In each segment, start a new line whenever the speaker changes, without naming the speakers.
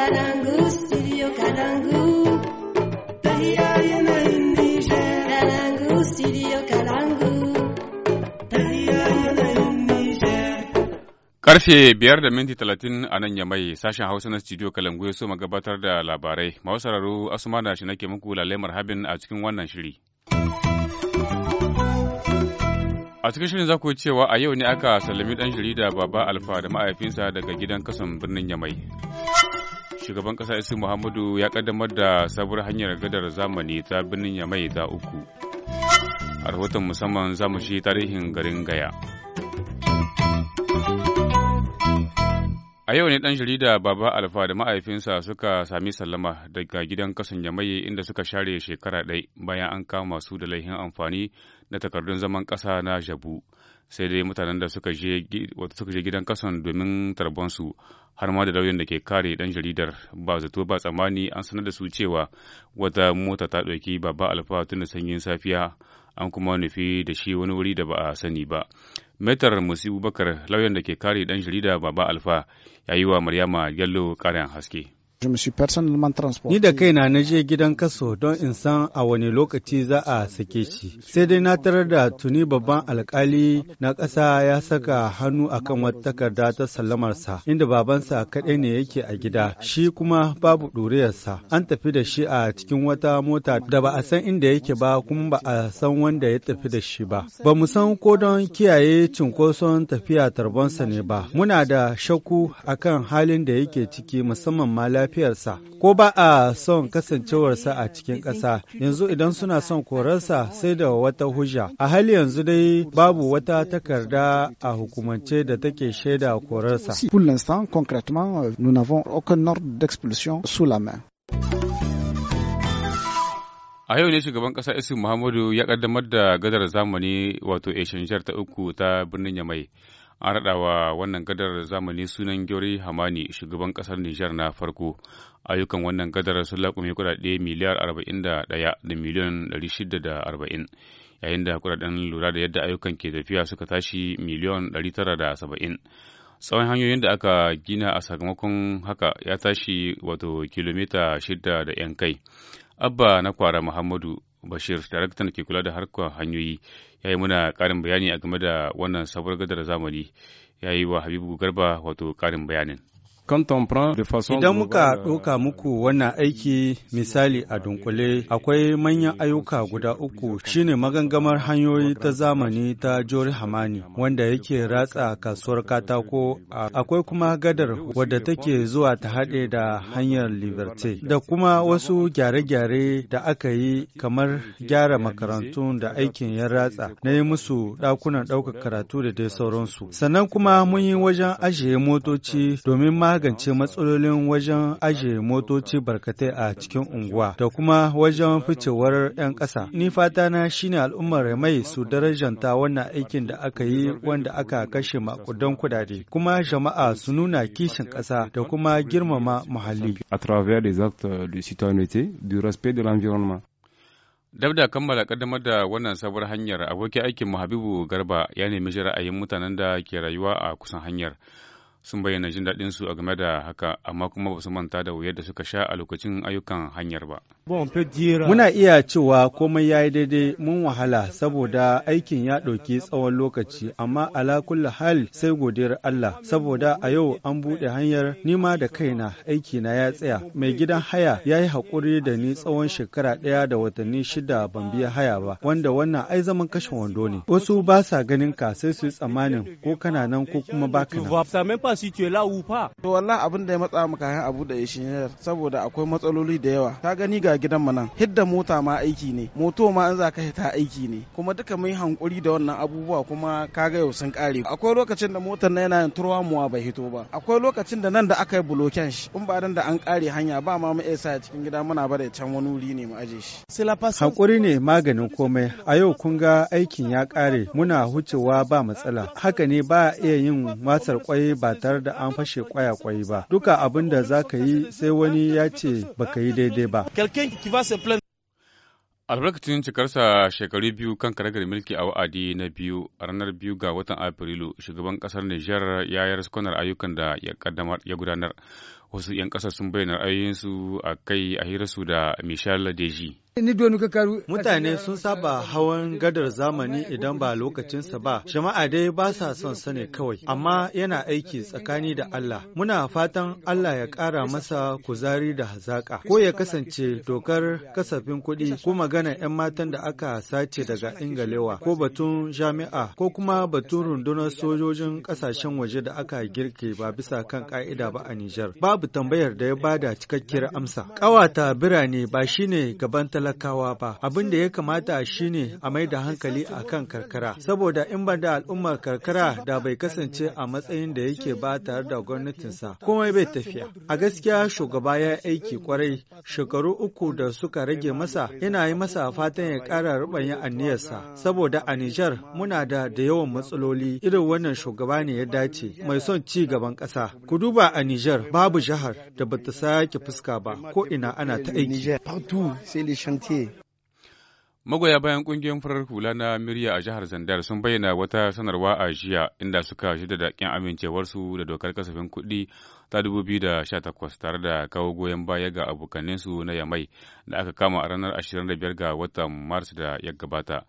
Kalangu,
Karfe biyar da minti talatin a nan yamai sashen Hausa na studio Kalangu ya so gabatar da labarai. Masu sauraro Asuma da shi nake muku lalemar habin a cikin wannan shiri. A cikin shirin za ku yi cewa a yau ne aka sallami ɗan jarida Baba Alfa da ma'aifinsa daga gidan kasan birnin Yamai. shugaban kasa Isu Muhammadu ya kaddamar da sabuwar hanyar gadar zamani ta birnin Yamai ta uku. A rahoton musamman za mu shi tarihin garin Gaya. A yau ne dan jarida Baba Alfa da ma'aifinsa suka sami sallama daga gidan kasan yamai inda suka share shekara ɗai bayan an kama su da laihin amfani na takardun zaman ƙasa na Jabu. sai dai mutanen da suka je gidan kasan domin tarbonsu har ma da lauyan da ke kare dan jaridar ba zato ba tsammani an sanar da su cewa wata mota ta ɗauki baba alfa tun da sanyin safiya an kuma nufi da shi wani wuri da ba a sani ba metar musibu bakar lauyan da ke kare dan jarida baba alfa ya yi wa maryama yallo karin haske
Ni da kai na je gidan kaso don in san a wani lokaci za a sake shi. Sai dai na tarar da tuni babban alkali na ƙasa ya saka hannu akan wata takarda ta sallamarsa, inda babansa kaɗai ne yake a gida, shi kuma babu ɗuriyarsa. An tafi da shi a cikin wata mota da ba a san inda yake ba kuma ba a san wanda ya tafi da shi ba. Ba mu san ko don kiyaye cinkoson tafiya tarbonsa ne ba. Muna da shakku akan halin da yake ciki musamman ma lafiya lafiyarsa, ko ba a son kasancewarsa a cikin ƙasa, yanzu idan suna son korarsa sai da wata hujja. A hali yanzu dai babu wata takarda a hukumance da take shaida korarsa. Pour l'instant, concrètement,
A yau ne shugaban ƙasa Isu Muhammadu ya ƙaddamar da gadar zamani wato Asian ta uku ta birnin Yamai. an raɗa wa wannan gadar zamani sunan Gyori Hamani shugaban ƙasar Nijar na farko. Ayyukan wannan gadar sun laƙume kuɗaɗe miliyar arba'in da ɗaya da miliyan ɗari shida da arba'in. Yayin da kuɗaɗen lura da yadda ayyukan ke tafiya suka tashi miliyan ɗari tara da saba'in. Tsawon hanyoyin da aka gina a sakamakon haka ya tashi wato kilomita shida da 'yan kai. Abba na kwara Muhammadu Bashir daraktan da ke kula da harkar hanyoyi ya yi muna karin bayani a game da wannan sabuwar gadar zamani ya yi wa Habibu Garba wato karin bayanin. Idan muka
ɗauka euh, muku wannan aiki misali a dunkule akwai manyan ayyuka guda uku shine magangamar hanyoyi ta zamani ta Jori Hamani wanda yake ratsa kasuwar katako akwai kuma gadar wadda take zuwa ta haɗe da hanyar Liberté da kuma wasu gyare-gyare da aka yi kamar gyara makarantu da aikin ya ratsa na yi musu ɗakunan ɗaukar karatu da dai sauransu. Sannan kuma mun yi wajen ajiye motoci domin ma magance matsalolin wajen ajiye motoci barkatai a cikin unguwa da kuma wajen ficewar 'yan ƙasa. Ni fata na shine al'ummar mai su darajanta wannan aikin da aka yi wanda aka kashe makudan kudade kuma jama'a su nuna kishin ƙasa da kuma girmama muhalli. A travers les actes de citoyenneté du respect de
l'environnement. Dab da kammala kaddamar da wannan sabuwar hanyar abokin aikin mu Habibu Garba ya nemi ra'ayin mutanen da ke rayuwa a kusan hanyar. sun bayyana jin daɗin su a game da haka amma kuma ba su manta da wuyar da suka sha a lokacin ayyukan hanyar ba.
Muna iya cewa komai ya yi daidai mun wahala saboda aikin ya ɗauki tsawon lokaci amma ala kulli hal sai godiyar Allah saboda a yau an buɗe hanyar nima da kaina aiki na ya tsaya mai gidan haya ya yi haƙuri da ni tsawon shekara ɗaya da watanni shida ban biya haya ba wanda wannan ai zaman kashe wando ne wasu ba sa ganin ka sai su yi tsammanin ko kana nan ko kuma baka nan. ba si ke lawu fa. to wallah abin da ya matsa mu kayan abu da shi saboda akwai matsaloli da yawa ka gani ga gidan mu nan hidda mota ma aiki ne moto ma in za ka hita aiki ne kuma duka mai hankuri da wannan abubuwa kuma kaga yau sun kare akwai lokacin da motar na yana yin turwa muwa bai hito ba akwai lokacin da nan da aka yi buloken shi in ba dan da an kare hanya ba ma mu sa cikin gida muna bare can wani wuri ne mu aje shi hankuri ne maganin komai a yau kun ga aikin ya kare muna hucewa ba matsala haka ne ba iya yin matsar kwai ba tare da an fashe kwaya-kwai ba duka abin da za ka yi sai wani ya ce baka yi daidai ba
albarkacin cikarsa shekaru biyu kan karagar milki a wa'adi na biyu a ranar biyu ga watan afrilu shugaban kasar niger ya yi raskunar ayyukan da ya kaddamar ya gudanar wasu 'yan kasar sun bayyana ra'ayoyinsu a kai a hirarsu da michel deji
Mutane sun saba hawan gadar zamani idan ba lokacinsa ba, jama'a dai ba sa son sani kawai, amma yana aiki tsakani da Allah. Muna fatan Allah ya ƙara masa kuzari da hazaƙa, ko ya kasance dokar kasafin kuɗi ko magana 'yan matan da aka sace daga Ingalewa, ko batun jami'a, ko kuma batun rundunar sojojin ƙasashen waje da aka girke ba bisa kan ƙa'ida ba a Nijar. Babu tambayar da ya bada cikakkiyar amsa. Ƙawata birane ba shine gabanta talakawa ba abin da ya kamata shine a mai da hankali a kan karkara saboda in ba da al'ummar karkara da bai kasance a matsayin da yake ba tare da gwamnatinsa komai bai tafiya a gaskiya shugaba ya aiki kwarai shekaru uku da suka rage masa yana yi masa fatan ya kara rubanya aniyarsa saboda a Nijar muna da da yawan matsaloli irin wannan shugaba ne ya dace mai son ci gaban ƙasa ku duba a Nijar babu jihar da bata sake fuska ba ko ina ana ta aiki
shantiye Magoya bayan kungiyar farar hula na Miriya a jihar Zandar sun bayyana wata sanarwa a jiya inda suka shida da kin amincewarsu da dokar kasafin kuɗi ta 2018 tare da kawo goyon baya ga abokaninsu na Yamai da aka kama a ranar 25 ga watan Maris da ya gabata.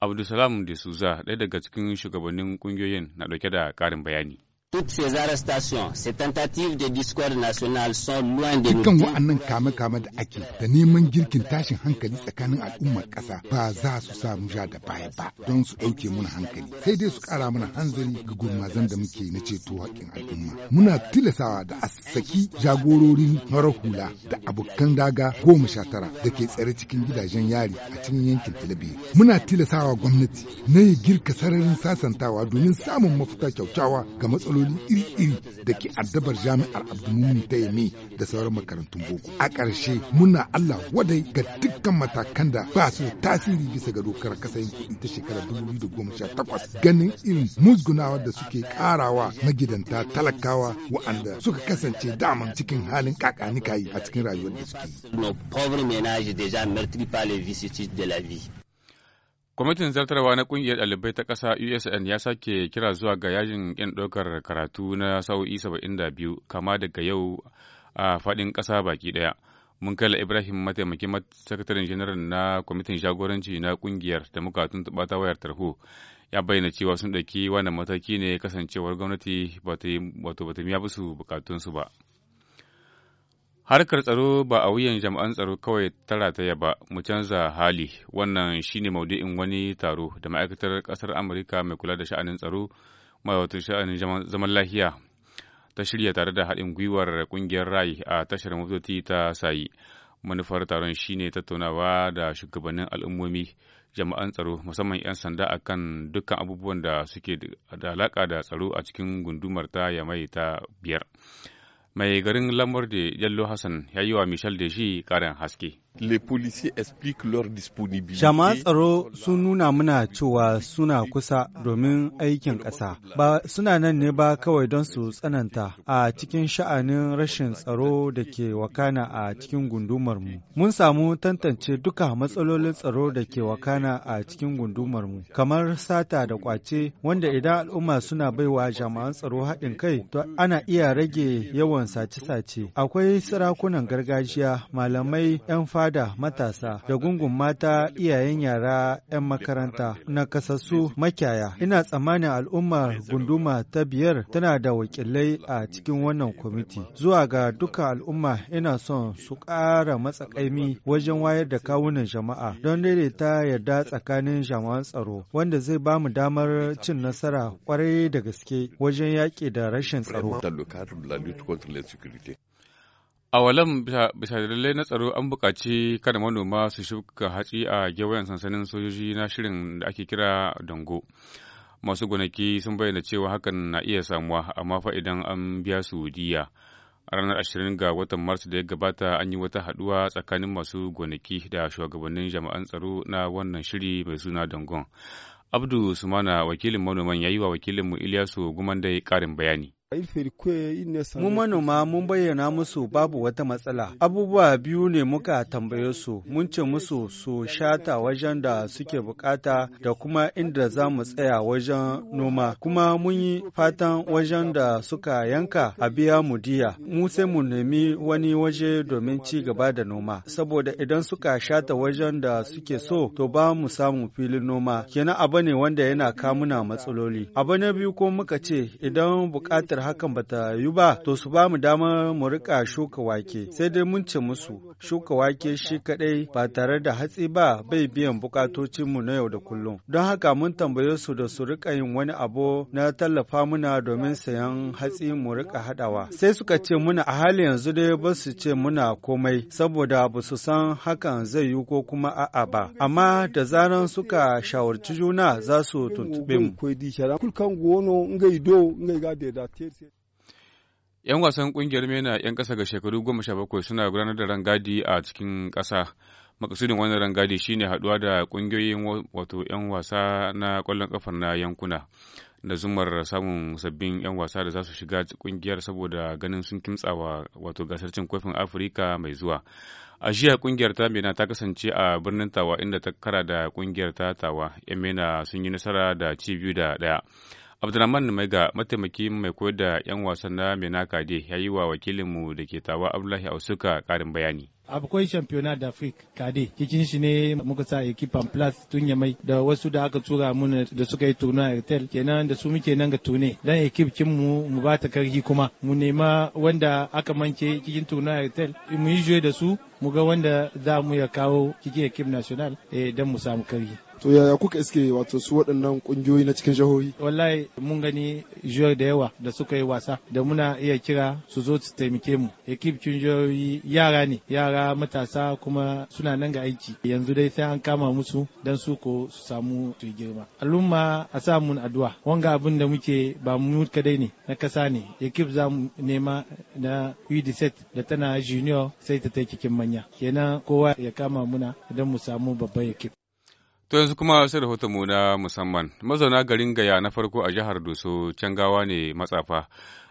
Abdulsalam de ɗaya daga cikin shugabannin kungiyoyin na ɗauke da ƙarin bayani.
Toutes ces arrestations, ces tentatives de discorde nationale sont loin de Dukkan wa'annan kame-kame da ake da neman girkin tashin hankali tsakanin al'ummar ƙasa ba za su sa mu ja da baya ba don su ɗauke mun hankali sai dai su ƙara mana hanzari ga gurmazan da muke na ceto haƙƙin al'umma. Muna tilasawa da a saki jagororin farar hula da abokan daga goma sha tara da ke tsare cikin gidajen yari a cikin yankin Talabiya. Muna tilasawa gwamnati na yi girka sararin sasantawa domin samun mafita kyaukyawa ga matsalolin matsaloli iri-iri da ke addabar jami'ar abdulmumin ta yami da sauran makarantun boko a ƙarshe muna allah wadai ga dukkan matakan da ba su tasiri bisa ga dokar kasayin kuɗi ta shekarar 2018 ganin irin musgunawa da suke ƙarawa magidanta talakawa wa'anda suka kasance daman cikin halin kakanikayi a cikin rayuwar da suke
Kwamitin zartarwa na kungiyar ɗalibai ta ƙasa USN ya sake kira zuwa ga yajin ƙin ɗaukar karatu na sa'o'i biyu kama daga yau a faɗin ƙasa baki ɗaya. mun Munkala Ibrahim mataimakin sakataren janar na kwamitin jagoranci na ƙungiyar da muka tuntuɓa ta wayar tarho ya bayyana cewa sun ɗauki wannan mataki ne kasancewar gwamnati ba ta ba su bukatunsu ba. Harkar tsaro ba a wuyan jami'an tsaro kawai tara ta yaba ba, mu canza hali. Wannan shine maudu'in wani taro da ma'aikatar kasar Amurka mai kula da sha'anin tsaro, mai sha'anin zaman lafiya ta shirya tare da haɗin gwiwar ƙungiyar rai a tashar motoci ta sayi. Manufar taron shine tattaunawa da shugabannin al'ummomi, jama'an tsaro, musamman 'yan sanda akan dukkan abubuwan da suke da alaƙa da tsaro a cikin gundumar ta Yamai ta biyar. mai garin lamar de Jallo Hassan ya yi wa Michel Deji karin haske. Jama'a
tsaro sun nuna muna cewa suna kusa domin aikin ƙasa, ba suna nan ne ba kawai don su tsananta a cikin sha'anin rashin tsaro da ke wakana a cikin gundumarmu. Mun samu tantance duka matsalolin tsaro da ke wakana a cikin gundumarmu, kamar sata da ƙwace wanda idan al'umma suna baiwa jama'an tsaro haɗin kai, to ana iya rage yawan sace-sace. Akwai sarakunan gargajiya, malamai, 'yan fada al'ada matasa da gungun mata iyayen yara 'yan makaranta na kasassu makyaya. Ina tsammanin al'umma gunduma ta biyar tana da wakilai a cikin wannan kwamiti. Zuwa ga duka al'umma ina son su ƙara matsakaimi wajen wayar da kawunan jama'a don daidaita yarda tsakanin jama'an tsaro wanda zai ba mu damar cin nasara kwarai da gaske wajen yaƙi da rashin tsaro.
A walan bisa dalilai na tsaro an buƙaci kada manoma su shuka hatsi a gewayen sansanin sojoji na shirin da ake kira Dango. Masu gonaki sun bayyana cewa hakan na iya samuwa amma fa idan an biya su diya. A ranar ashirin ga watan Mars da ya gabata an yi wata haɗuwa tsakanin masu gonaki da shugabannin jama'an tsaro na wannan shiri mai suna Dangon. Abdu Sumana wakilin manoman ya yi wa wakilinmu Ilyasu Gumandai ƙarin bayani.
Mu manoma mun bayyana musu babu wata matsala. Abubuwa biyu ne muka tambaye su, mun ce musu su shata wajen da suke bukata da kuma inda za mu tsaya wajen noma. Kuma mun yi fatan wajen da suka yanka a biya mu diya. Mu sai mu nemi wani waje domin ci gaba da noma. Saboda idan suka shata wajen da suke so, to ba mu samu filin noma. Kenan abu ne wanda yana kamuna matsaloli. Abu na biyu ko muka ce idan bukatar buƙatar hakan ba ta yi ba to su ba mu damar mu rika shuka wake sai dai mun ce musu shuka wake shi kaɗai ba tare da hatsi ba bai biyan bukatocinmu na yau da kullum don haka mun tambaye su da su rika yin wani abu na tallafa muna domin sayan hatsi mu rika haɗawa sai suka ce muna a hali yanzu dai ba su ce muna komai saboda ba su san hakan zai yi ko
kuma a'a ba
amma da zaran suka shawarci juna za su tuntuɓe mu
'Yan wasan kungiyar MENA 'yan kasa ga shekaru goma sha bakwai suna gudanar da rangadi a cikin kasa Makasudin wannan rangadi shine haɗuwa da kungiyoyin wato 'yan wasa na kwallon ƙafar na yankuna da zumar samun sabbin 'yan wasa da za su shiga ƙungiyar saboda ganin sun kimtsawa wato gasar cin kofin Afirka mai zuwa. A jiya ƙungiyar ta MENA ta kasance a birnin Tawa inda ta kara da ƙungiyar ta Tawa. 'Yan MENA sun yi nasara da ci biyu da ɗaya. Abdulrahman Maiga mataimakin mai koyar da 'yan wasan na Kade ya yi wa wakilinmu da ke tawa Abdullahi Ausuka karin bayani.
akwai da d'afrique kade cikin shi ne muka sa ekipan plus tun ya mai da wasu da aka tura mun da suka yi turno a hotel kenan da su muke nan ga tune dan ekip kin mu mu ba ta karhi kuma mu nema wanda aka mance cikin turno a hotel mu yi da su mu ga wanda za mu ya kawo cikin ekip national eh dan mu samu karhi
to yaya kuka iske wato su waɗannan ƙungiyoyi na cikin jihohi
wallahi mun gani jiyar da yawa da suka yi wasa da muna iya kira su zo su taimake mu ekip cikin jihohi yara ne yara matasa kuma suna nan ga aiki yanzu dai sai an kama musu dan su ko su samu su girma al'umma a sa mun addu'a wanga abin da muke ba mu kadai ne na kasa ne ekip za mu nema na set da tana junior sai ta ta cikin manya kenan kowa ya kama muna don mu samu babban ekip
To yanzu kuma sai rahoton mu na musamman. Mazauna garin Gaya na farko a jihar Doso Cangawa ne matsafa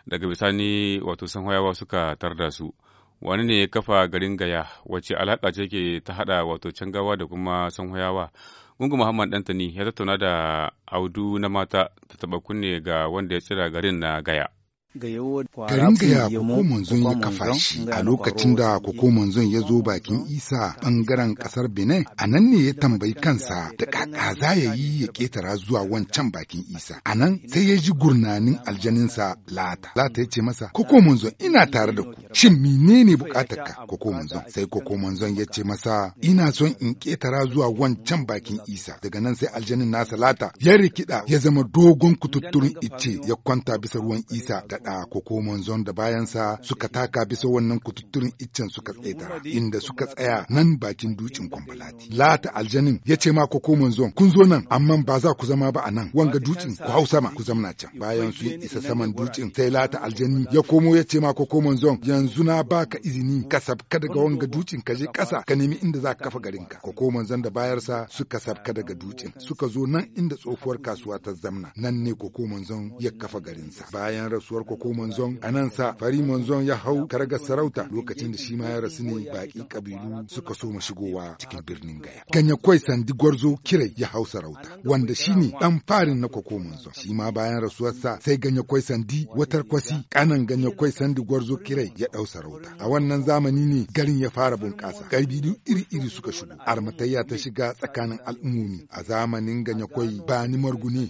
daga bisani wato san hoyawa suka tarda su. Wani ne kafa garin Gaya wacce alaƙa ce ke ta haɗa wato Cangawa da kuma san hoyawa. Gungu Muhammad Dantani ya tattauna da audu na mata ta taɓa kunne ga wanda ya tsira garin na Gaya. Garin
gaya koko manzon ya kafa shi a lokacin da koko manzon ya zo bakin isa bangaren kasar Benin a nan ne ya tambayi kansa da kaka za ya yi ya ketara zuwa wancan bakin isa. A nan sai ya ji gurnanin aljaninsa lata. Lata ya ce masa koko manzon ina tare da ku. Shin menene bukatar ka koko manzon? Sai koko manzon ya ce masa ina son in ƙetara zuwa wancan bakin isa. Daga nan sai aljanin nasa lata ya rikida ya zama dogon kututturin ice ya kwanta bisa ruwan isa da da koko zon da bayansa suka taka bisa wannan kututturin iccen suka tseta inda suka tsaya nan bakin dukin kwambalati lata aljanin ya ce ma koko zon kun zo nan amma ba za ku zama ba a nan wanga dukin ku hau sama ku zamna can bayan su isa saman dukin sai lata aljanin ya komo ya ce ma koko zon yanzu na baka izini ka sabka daga wanga dukin ka je kasa ka nemi inda za ka kafa garinka koko zon da bayarsa suka sabka daga dukin suka zo nan inda tsohuwar kasuwa ta zamna nan ne koko zon ya kafa garinsa bayan rasuwar koko Koko Manzon a nan sa Fari Manzon ya hau karagar sarauta lokacin da shi ma ya rasu ne baƙi ƙabilu suka so ma shigowa cikin birnin Gaya. Ganyakwai Sandi Gwarzo Kirai ya hau sarauta wanda shi ne ɗan farin na Koko Manzon. Shi ma bayan sa. sai Ganyakwai Sandi watar kwasi kanan Ganyakwai Sandi Gwarzo Kirai ya ɗau sarauta. A wannan zamani ne garin ya fara bunƙasa. Ƙabilu iri-iri suka shigo. Armatayya ta shiga tsakanin al'ummomi a zamanin Ganyakwai Bani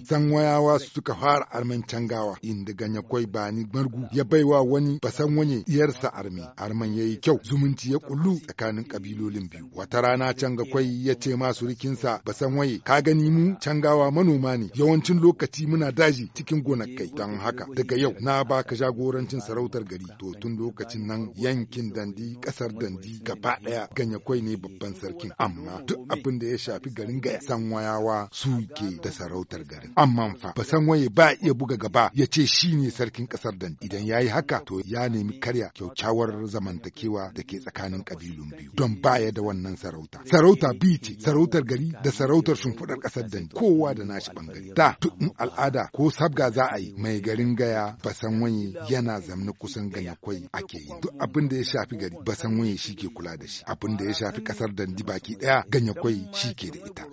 san wayawa suka fara can gawa. inda Ganyakwai ba tsakanin Bargu ya baiwa wani basan wani diyarsa armi Arman ya yi kyau zumunci ya kullu tsakanin kabilolin biyu. Wata rana can ga kwai ya ce masu rikinsa basan waye ka gani mu cangawa manoma ne yawancin lokaci muna daji cikin gonakai don haka daga yau na baka jagorancin sarautar gari to tun lokacin nan yankin dandi kasar dandi gaba daya kwai ne babban sarkin amma duk abin da ya shafi garin gaya wayawa su ke da sarautar garin amma fa basan waye ba iya buga gaba ya ce shine sarkin kasar dan idan ya yi haka to ya nemi karya kyaukyawar zamantakewa da ke tsakanin kabilun biyu don baya da wannan sarauta sarauta biyu ce sarautar gari da sarautar shimfiɗar kasar dan kowa da nashi bangare da duk al'ada ko sabga za a yi mai garin gaya basan wani yana zamna kusan ganyakwai ake yi duk abin da ya shafi gari basan wani shi ke kula da shi abin da ya shafi ƙasar dandi baki ɗaya ganyakwai shi ke da ita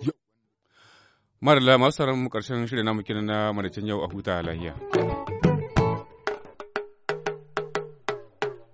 Madalla masu tsaron mu karshen shirin namu kinan na madacin yau a huta lahiya.